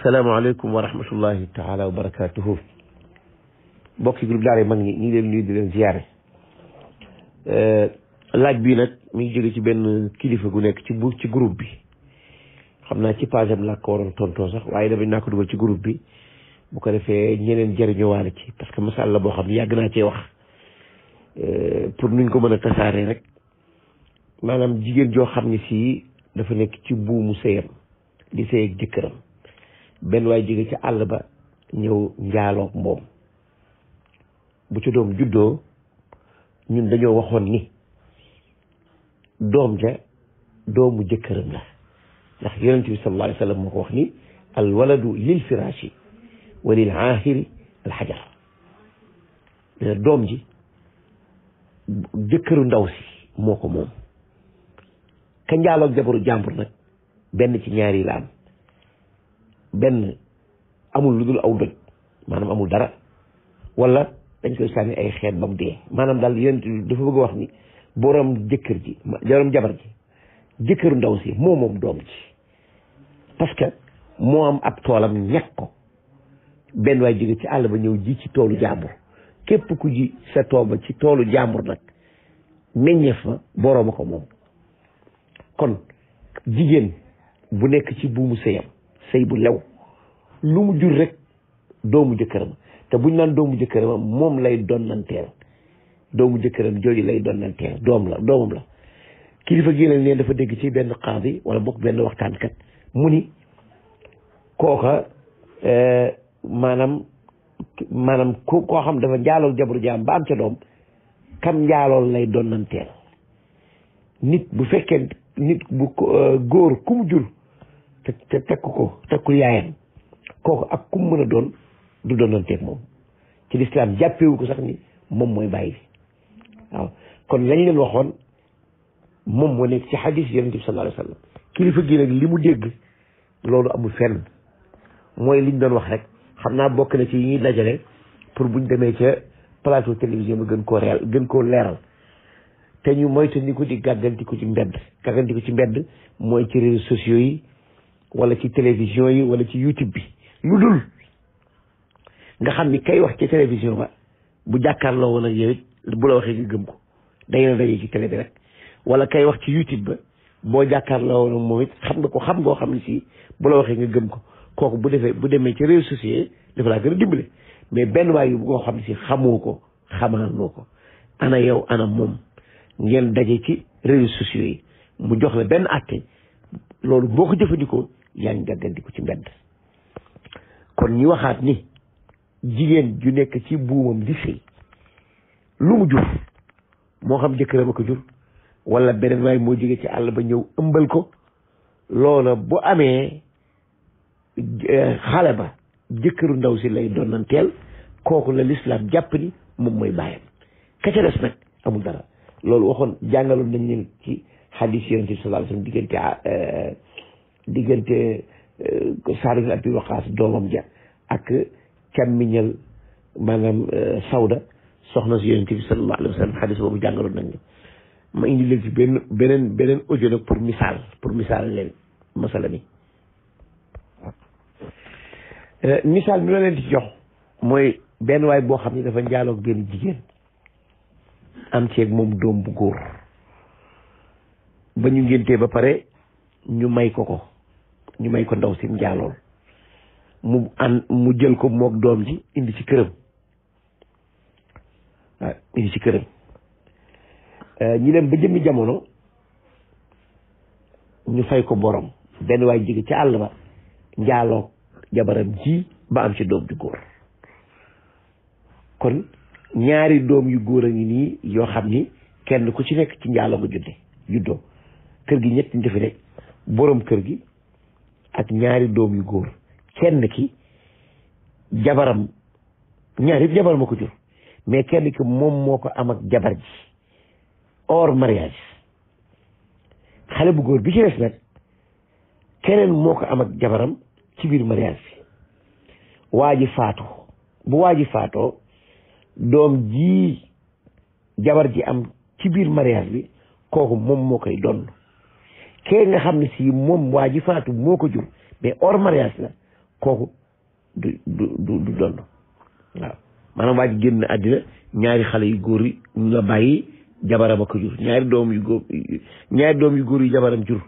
asalaamaaleykum wa rahmatullahi taala barakaatu barakaatuhu mbokki groupe daara mag ñi ñu ngi leen nuyu di leen ziyaare eh, laaj bii nag mi ngi jóge ci benn kilifa gu nekk ci bu ci groupe bi xam naa ci page am laa sax waaye dafay naa ko ci groupe bi bu ko defee ñeneen jëriñuwaale ci parce la boo xam ne yàgg naa cee wax eh, pour nuñ ko mën a tasaaree rek maanaam jigéen joo xam ne si dafa nekk ci buumu sëyam di sëy ak jëkkëram benn waay jóge ci àll ba ñëw njaaloog moom bu ci doom juddoo ñun dañoo waxoon ni doom ja doomu jëkkëram la ndax yonente bi wax ni al waladu lil firaashi wa lil aahiri doom ji jëkkëru ndaw si moo ko moom ka njaaloog jabaru jàmbur nag benn ci ñaari la benn amul lu dul aw doj maanaam amul dara walla dañ koy sànni ay xeet ba mu dee maanaam daal yeneen dafa bëgg wax ni borom jëkkër ji borom jabar ji jëkkëru ndaw si moo moom doom ji parce que moo am ab toolam ñàkk ko benn waay jóge ci àll ba ñëw ji ci toolu jàmbur képp ku ji sa tooba ci toolu jàmbur nag meññeef ma borooma ko moom kon jigéen bu nekk ci buumu sëyam sëy bu lew lu mu jur rek doomu jëkkëram te buñ naan doomu jëkkëram moom lay donnanteel doomu jëkkëram jooju lay donnanteel doom la doomam la kilifa gi leen dafa dégg ci benn xaadi wala bokk benn waxtaankat mu ni kooka eh, maanaam maanaam ku koo xam dafa njaalool jabaru jaam ba am ca doom kam njaalool lay donnanteel nit bu fekkee nit bu eh, góor ku mu jur te te tekk ko tekku yaayam kooku ak kum mën a doon du doonanteeg moom ci lislaam jàppewu ko sax ni moom mooy bàyyi bi waaw kon lañ leen waxoon moom moo nekk ci xadis yonent bi sallallahu alayhi wa sallam kilifa gi nag li mu dégg loolu amul fenn mooy liñ doon wax rek xam naa bokk na ci yi ñuy dajale pour buñ demee ca plateau télévision bi gën koo réel koo leeral te ñu moytu ni ko di gàggantiku ci mbedd gàggantiku ci mbedd mooy ci réseaux sociaux yi wala ci télévision yi wala ci YouTube bi lu dul nga xam ni kay wax ci télévision ba bu jàkkaarloo woon ak yow it bu la waxee nga gëm ko day daje ci télé bi rek wala kay wax ci YouTube ba boo jàkkaarloo woon ak moom xam nga ko xam ngoo xam ne si bu la waxee nga gëm ko kooku bu defee bu demee ci réseaux sociaux dafa laa gën a dimbale mais benn waay yu bu ngoo xam ne si xamoo ko xamaanoo ko ana yow ana moom ngeen daje ci réseaux sociaux yi mu jox la benn àtte loolu boo ko jëfandikoo yaa ngi jàggandiku ci mbedd kon ñi waxaat ni jigéen ju nekk ci buumam di sëy lu mu jur moo xam jëkkëram a ko jur wala beneen waay moo jóge ci àll ba ñëw ëmbal ko loola bu amee eh, xale ba jëkkëru ndaw si lay donnanteel kooku la lislaam jàpp ni moom mooy bàyyam ka ca nag amul dara loolu waxoon jàngaloon nañ leen ci xadiis yonent bi sallallahu alayhi diggante eh, Euh, Saadu bin Abi doomam ja ak càmmiñal maanaam euh, Sawda soxna si yonent bi sallallahu alayhi wa sallam xadis boobu jàngaloon nañ ñu ma indi leen ci benn beneen beneen nag pour misaal pour misaal leen masala mi euh, misaal bi ma leen di jox mooy benn waay boo xam ne dafa njaaloog benn jigéen am ceeg moom doom bu góor ba ñu ngéntee ba pare ñu may ko ko ñu may ko ndaw si mu jaalool mu an mu jël ko moog doom ji indi ci këram waaw ah, indi ci këram eh, ñu dem ba jëmmi jamono ñu fay ko boroom benn waay jóge ci àll ba njaaloo jabaram ji ba am ci doom ju góor kon ñaari doom yu góor a ngi nii yoo xam ni kenn ku ci nekk ci njaaloo nga judde juddoo kër gi ñett ñu defe ne borom kër gi ak ñaari doom yu góor kenn ki jabaram ñaari jabaram a ko jur mais kenn ki moom moo ko am ak jabar ji hors mariage xale bu góor bi ci des nag keneen moo ko am ak jabaram ci biir mariage bi waa ji faatu bu waa ji faatoo doom ji jabar ji am ci biir mariage bi kooku moom moo koy donn kee nga xam ne si moom waa ji faatu moo ko jur mais or mariage la kooku du du du donn waaw maanaam waa ji génn àddina ñaari xale yu góor yi la bàyyi jabaram a jur ñaari doom yu góor doom yu góor yu jabaram jur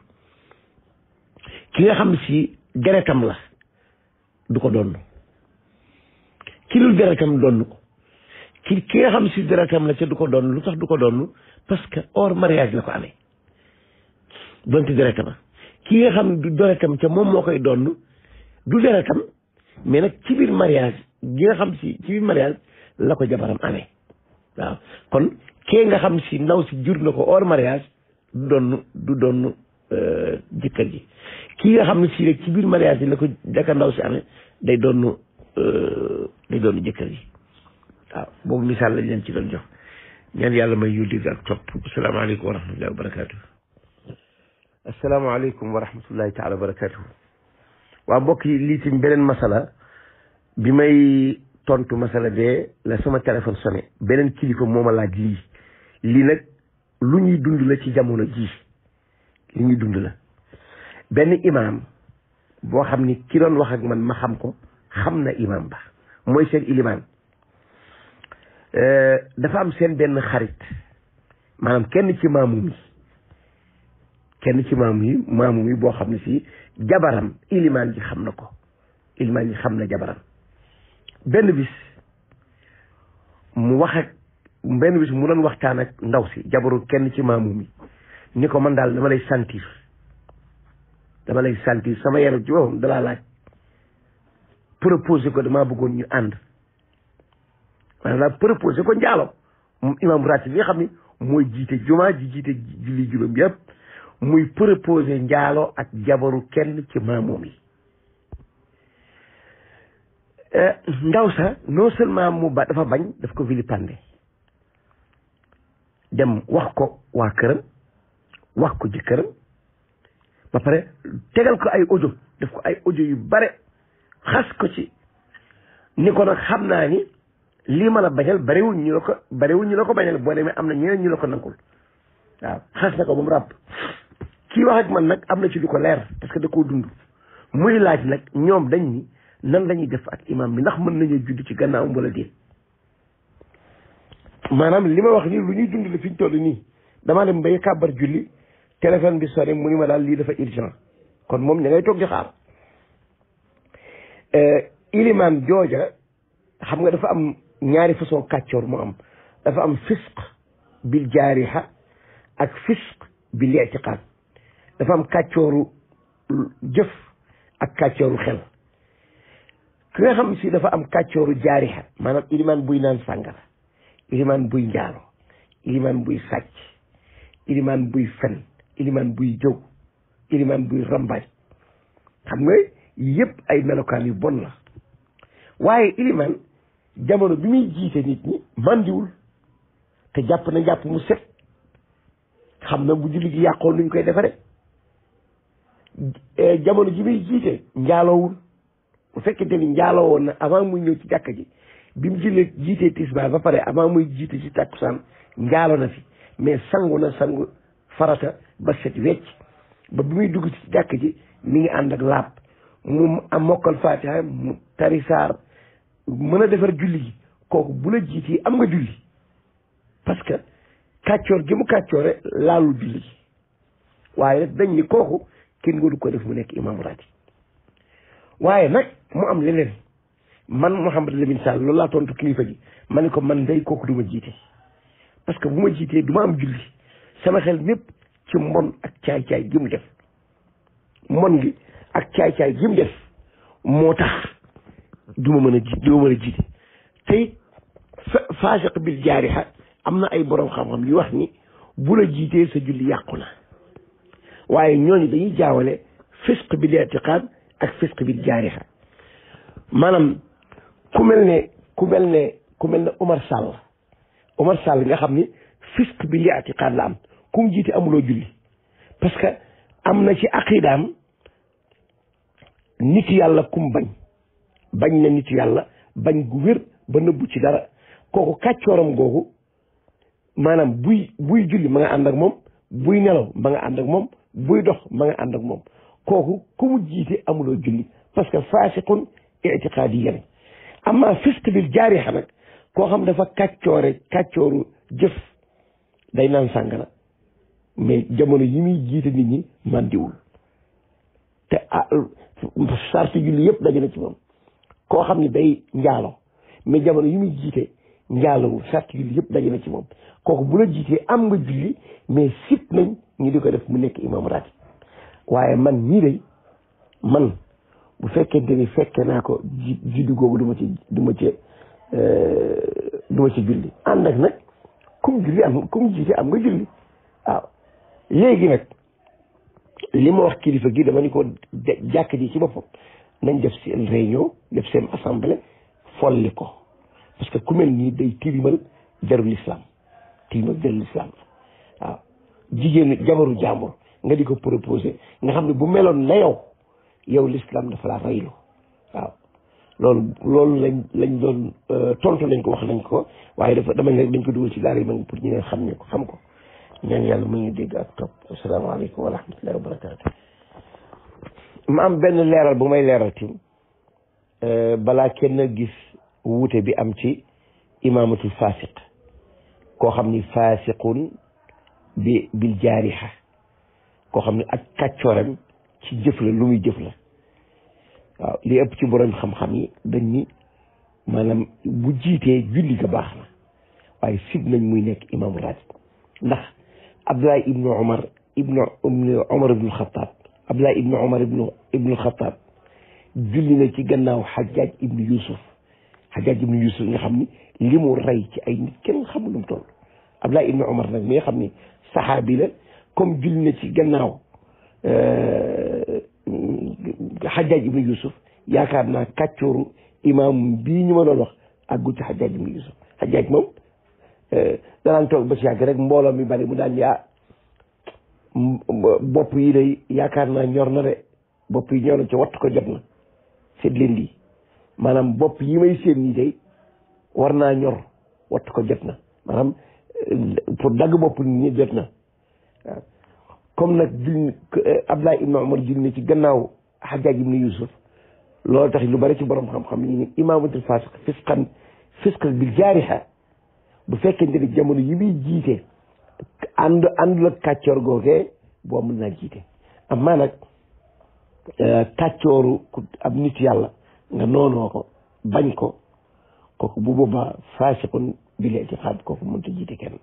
ki nga xam ne si deretam la du ko donn ki lu deretam donn ko ki ki nga xam si deretam la ca du ko donn lu tax du ko donn parce que or mariage la ko amee donte deretam ki nga xam du deretam ca moom moo koy donn du deretam mais nag ci biir mariage xam ci biir la ko jabaram amee waaw kon kee nga xam si ndaw si jur na ko hors mariage du donn du donn euh, jëkkër ji kii nga xam ne si rek ci biir mariage yi la ko daka ndaw si amee day donn euh, day donn jëkkër ji waaw boobu misaal lañ leen ci doon jox ñaan yàlla may yu dégg ak topp asalaamaaleykum wa rahmatullahi wa barakaatu asalaamaaleykum wa rahmatullahi taala wa waa mbokk yi lii tim beneen masala bi may tontu masala bee la sama téléphone sonné beneen kilifa moo ma laaj lii lii nag lu ñuy dund la ci jamono jii li ñuy dund la benn imaam boo xam ni ki doon wax ak man ma xam ko xam na imaam ba mooy seen ilimaan euh, dafa am seen benn xarit maanaam kenn ci maamu mi kenn ci maamu yi maamu yi boo xam ne si jabaram ilimaan ji xam na ko ilimaan yi xam na jabaram benn bis mu wax ak benn bis mu doon waxtaan ak ndaw si jabaru kenn ci maamu mi ni ko man daal dama lay sentir dama lay sentir sama yaram ci boppam dalaa laaj proposé ko damaa bëggoon ñu ànd maanaam daal proposé ko njaalo imaam ratib bi xam ni mooy jiite jumaa ji jiite julli juróom yëpp muy proposé njaaloo ak jabaru kenn ci maamoom yi eh, ndaw sa non seulement mu ba dafa bañ daf ko vilipande dem wax ko waa këram wax ko jëkkëram ba pare tegal ko ay audio daf ko ay audio yu bare xas ko ci ni ko nag xam naa ni lii a la bañal barewul ñu la ko ñu la ko bañal boo demee am na ñeneen ñu la ko nangul waaw xas na ko ba mu kii wax ak man nag am na ci lu ko leer parce que da koo dund muy laaj nag ñoom dañ ni nan la def ak imam bi ndax mën nañoo judd ci gannaawam wala déet maanaam li ma wax nii lu ñuy dund la fi ñu toll nii damaa dem bay kàbbar julli téléphone bi sori mu ni ma daal lii dafa urgent kon moom ña ngay toog xaar euh, ilimaan jooja xam nga dafa am ñaari façon kàccoor mu am dafa am fisq bil jaariha ak fisq bil i'tiqaad dafa am kàccooru jëf ak kàccooru xel ki nga xam si dafa am kàccooru jaariha maanaam ilimaan buy naan sàngara ilimaan buy njaalo ilimaan buy sàcc ilimaan buy fen ilimaan buy jëw ilimaan buy rambaaj xam nga yëpp ay melokaan yu bon la waaye ilimaan jamono bi muy jiite nit ñi mandiwul te jàpp na jàpp mu set xam na bu julli gi yàqoon luñ koy defare Eh, jamono ji muy jiite njaaloowul bu fekkente ni njaaloo na avant muy ñëw ci jàkka ji bi mu jëlee jiitee tisbaar ba pare avant muy jiite ci tàkkusaan njaalo na fi mais sangu na sangu farata ba set wecc ba bi muy dugg ci jàkk ji mi ngi ànd ak laab mu am mokkal faatiha mu tari mën a defar julli gi kooku bu la jiitee am nga julli parce que kàccoor gi mu kàccoore laalul julli gi waaye dañ ni kooku kenn ko def mu nekk imam ratib waaye nag mu am leneen man Mouhamed Lamine Sall loolu laa tontu kilifa gi ma ne ko man day kooku duma ma jiite parce que bu ma jiitee duma am julli sama xel mépp ci mbon ak caay-caay gi mu def mbon gi ak caay-caay gi moo tax duma mën a ma mën a jiite tey faasiq bil jaariha am na ay borom xam-xam yu wax ni bu la jiitee sa julli yàqu na waaye ñooñu dañuy jaawale fisq bi di itiqaad ak fisq bi di jaariha maanaam ku mel ne ku mel ne ne Umar Sall Umar Sall nga xam ni fisq bi li itiqaad la am ku jiite amuloo julli parce que am na ci aqidaam nit yàlla kum bañ bañ na nit yàlla bañ gu wér ba nëbbu ci dara kooku kàccooram googu maanaam buy buy julli ma nga ànd ak moom buy nelaw ma nga ànd ak moom buy dox ma nga ànd moom kooku ku mu jiite amuloo julli parce que faasiqun itiqaadiyan amma fisq bil jaariha nag koo xam dafa kàccoore kàccooru jëf day naan sàngara mais jamono yi muy jiite nit ñi màndiwul te ah euh, sarti julli yëpp daje na ci koo xam ne day njaalo mais jamono yi muy jiite njaalawul sart julli yëpp daje na ci moom kooku bu la jiitee am nga julli mais sip nañ ñu di ko def mu nekk imam ratib waaye man ñii day man bu fekkente ni fekke naa ko ji juddi googu du ci duma ma ci euh, ci julli ànd ak nag kum julli am kum jiite am nga julli waaw léegi nag li ma wax kilifa gi dama ni ko jàkk ji ci boppam nañ def seen réunion def seen assemblée folli ko parce que ku mel nii day tilimal jarul lislaam tilimal jarul lislaam waaw jigéen jabaru jàmbur nga di ko proposé nga xam ne bu meloon na yow yow lislaam dafa laa raylu waaw loolu loolu lañ lañ doon euh, tontu lañ ko wax nañ ko waaye dafa damañ rek dañ ko dugal ci daal yi mag pour ñu ne xam ne ko xam ko ñaan yàlla mu ngi dégg ak topp asalaamaaleykum wa rahmatullahi wa barakaatu ma am benn leeral bu may leeral tim euh, balaa kenn gis wuute bi am ci imaamatul fasiq koo xam ni fasiqun bi bil jaariha koo xam ni ak kàccoorem ci jëf la lu muy jëf la waaw li ëpp ci borom xam-xam yi dañ ni maanaam bu jiitee julli ga baax na waaye sib nañ muy nekk imaamu raatib ndax Abdullah ibnu Omar ibnu Omar ibnu Xataab Abdullah ibnu Omar ibnu ibnu Xataab julli na ci gannaaw Xajjaaj ibnu Yuusuf Hajjaaj ibnu Yuusuf nga xam ni li mu rey ci ay nit kenn xamul lu mu toll Abdullah ibnu nag mi nga xam ni saxaabi la comme julli na ci gannaaw euh, Hajjaaj ibnu Yuusuf yaakaar naa kàccooru imaam bii ñu ma doon wax àggu ci Hajjaaj ibnu Yuusuf Hajjaaj moom euh, danaan toog ba si yàgg rek mbooloo mi bari mu daal yaa ah, bopp yi day yaakaar naa ñor na de bopp yi ñor na ci wattu ko jot na seet leen lii maanaam bopp yi may seen ñi day war naa ñor wattu ko jot na maanaam euh, pour dagg bopp nit jot na waaw comme nag jul euh, Abdullah ibn Umar jul ci gannaaw Hajjaaj ibn Yusuf loolu tax lu bari ci borom xam-xam yi ni imaamatul fasiq fisqan fisq bi jaariha bu fekkente ni jamono yi muy jiite ànd àndul ak kàccoor googee boo mën naa jiite amaa nag euh, kàccooru ab nit yàlla nga noonoo ko bañ ko kooku bu boobaa faasiqun bil itiqaad kooku mënut a jiite kenn